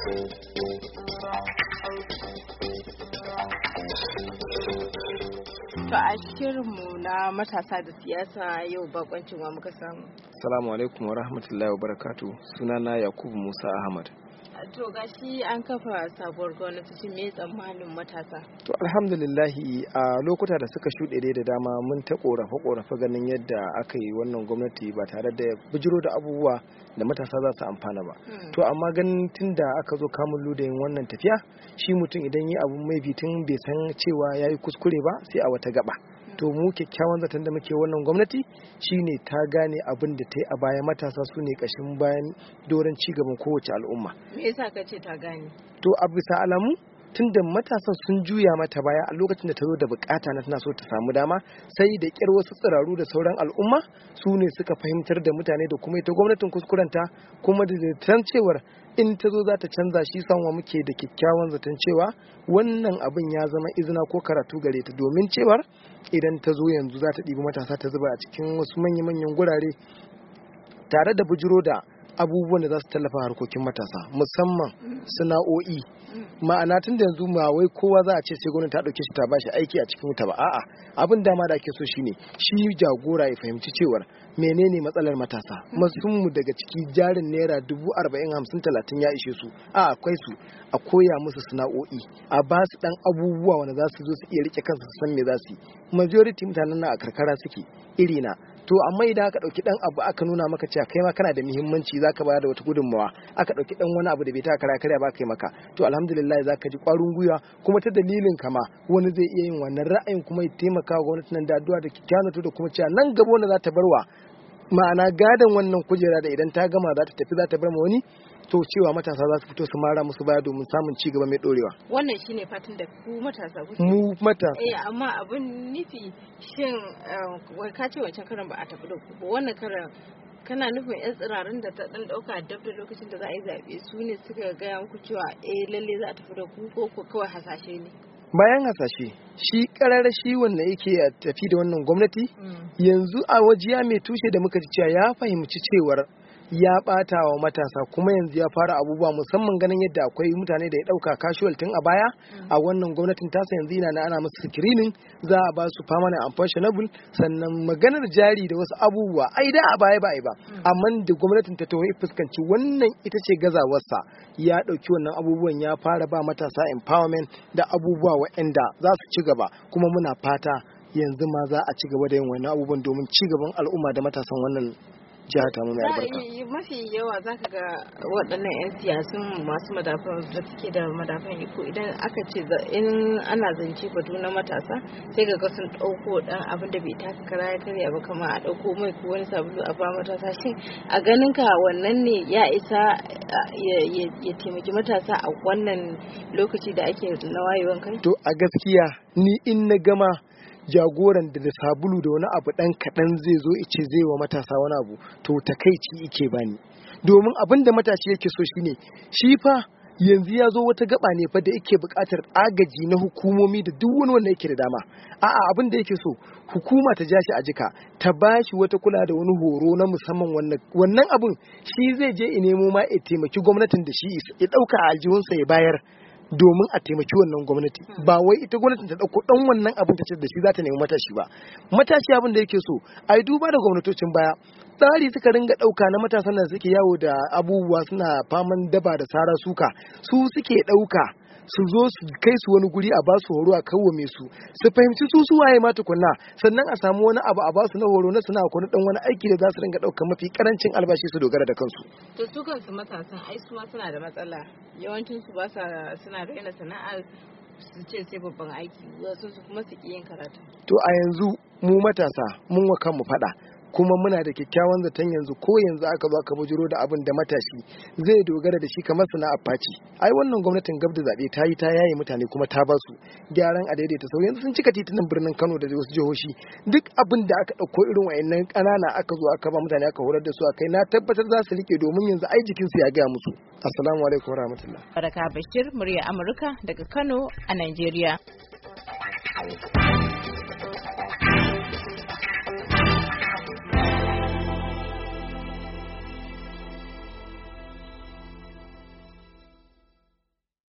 To a mu na matasa da siyasa yau bakwancin wa muka samu. Salamu alaikum wa rahmatullahi wa barakatu sunana Yakubu Musa Ahmad. to gashi an kafa sabuwar gwamnati shi mai tsammanin matasa to alhamdulillahi a lokuta da suka shuɗe dai da dama mun ta korafa korafa ganin yadda aka yi wannan gwamnati ba tare da bijiro da abubuwa da matasa za su amfana ba hmm. to amma ganin tun aka zo kamun ludayin wannan tafiya shi mutum idan yi abu mai bitin bai san cewa ya yi kuskure ba sai a wata gaba to mu kyakkyawan zaton da muke wannan gwamnati shine ta gane abin da ta yi a baya matasa su ne kashin bayan doron cigaban kowace al'umma me yasa ka ce ta gane to a bisa alamu tunda matasan sun juya mata baya a lokacin da ta zo da bukata na tana so ta samu dama sai da kyar wasu tsiraru da sauran al'umma su ne suka fahimtar da mutane da kuma ita gwamnatin kuskurenta kuma da zaton cewar in ta zo za ta canza shi sanwa muke da kyakkyawan zaton cewa wannan abin ya zama izina ko karatu gare ta domin cewar idan ta zo yanzu za ta ɗibi matasa ta zuba a cikin wasu manya-manyan gurare tare da bujiro da abubuwan da za su tallafa harkokin matasa musamman sana'o'i ma'ana tun da yanzu ma wai kowa za a ce sai gwamnati ta dauke shi ta ba shi aiki a cikin wuta ba a'a abin dama da ake so ne shi jagora ya fahimci cewar menene matsalar matasa masun daga ciki jarin naira dubu arba'in hamsin talatin ya ishe su a akwai su a koya musu sana'o'i a ba su dan abubuwa wanda za su zo su iya rike kansu su san me za su yi majority mutanen nan a karkara suke irina to amma idan aka dauki dan abu aka nuna maka cewa kai ma kana da muhimmanci zaka bayar da wata gudunmawa aka dauki dan wani abu da bai ta kara kare ba kai maka to alhamdulillah zaka ji kwarin gwiwa kuma ta dalilin kama wani zai iya yin wannan ra'ayin kuma ya taimaka wa gwamnati nan da addu'a da kyanato da kuma cewa nan gaba wanda za ta barwa ma'ana gadon wannan kujera da idan ta gama za ta tafi za ta bar ma wani so cewa matasa za su fito su mara musu baya domin samun ci gaba mai dorewa wannan shine fatan da ku matasa kuke mu matasa eh amma abin nufi shin eh, ka ce wancan karan ba a tafi da ku wannan karan kana nufin yan tsirarin da ta dan dauka dab da lokacin da za a yi zaɓe su ne suka gaya muku cewa eh lalle za a tafi da ku ko ko kawai hasashe ne bayan hasashe shi karara shi wanda yake a tafi da wannan gwamnati mm. yanzu a wajiya mai tushe da muka ci cewa ya fahimci cewar ya ɓata wa matasa kuma yanzu ya fara abubuwa musamman ganin yadda akwai mutane da ya ɗauka casual tun a baya a mm. wannan gwamnatin tasa yanzu yana ana musu screening za a ba su famana and fashionable sannan maganar jari da wasu abubuwa ai da a baya ba ai ba mm. amma da gwamnatin ta tawaye fuskanci wannan ita ce gazawarsa ya dauki wannan abubuwan ya fara ba matasa empowerment da abubuwa wa'anda za su ci gaba kuma muna fata yanzu ma za a ci gaba da yin wani abubuwan domin ci gaban al'umma da matasan wannan jiha ta mai albarka mafi yawa za ka ga waɗannan 'yan siyasun masu madafan da suke da madafan iko idan aka ce in ana zance batu na matasa sai ga sun ɗauko ɗan abin da bai taka kara ya karya ba kama a ɗauko mai ko wani sabulu a ba matasa shin a ganin ka wannan ne ya isa ya taimaki matasa a wannan lokaci da ake na wayewan kai to a gaskiya ni in na gama jagoran da da sabulu da wani abu ɗan kaɗan zai zo ice zai wa matasa wani abu to takaici ike bani domin abin da matashi yake so shine shi fa yanzu ya zo wata gaba ne fa da yake buƙatar agaji na hukumomi da duk wani wanda yake da dama a'a abin da yake so hukuma ta jashi a jika ta bashi wata kula da wani horo na musamman wannan abin shi zai je inemo nemo ma ya taimaki gwamnatin da shi ya ɗauka a aljihunsa ya bayar domin a taimaki wannan gwamnati hmm. ba wai ita gwamnati ta dauko dan wannan abin ta ce da shi za ta nemi matashi ba matashi abin da yake so ai duba da gwamnatocin baya tsari suka ringa dauka na matasan da suke yawo da abubuwa suna faman daba da sara suka su suke dauka su zo su kai su wani guri a basu horo a kawwame su su fahimci su su waye ma tukunna sannan a samu wani abu a basu na horo na sana'a ko na dan wani aiki da za su ringa daukar mafi karancin albashi su dogara da kansu to su kansu matasan ai su ma suna da matsala yawancin su ba sa suna daina sana'ar su ce sai babban aiki wasu kuma su yin karatu to a yanzu mu matasa mun wa kanmu fada kuma muna da kyakkyawan zaton yanzu ko yanzu aka zo aka bujiro da abin da matashi zai dogara da shi kamar suna faci ai wannan gwamnatin gab da zabe ta yi ta yaye mutane kuma ta ba su gyaran a daidaita sau yanzu sun cika titunan birnin Kano da wasu jihohi duk abin da aka dauko irin wayannan kanana aka zo aka ba mutane aka horar da su akai na tabbatar za su rike domin yanzu ai jikin su ya gaya musu assalamu alaikum warahmatullahi baraka bashir murya amurka daga Kano a Najeriya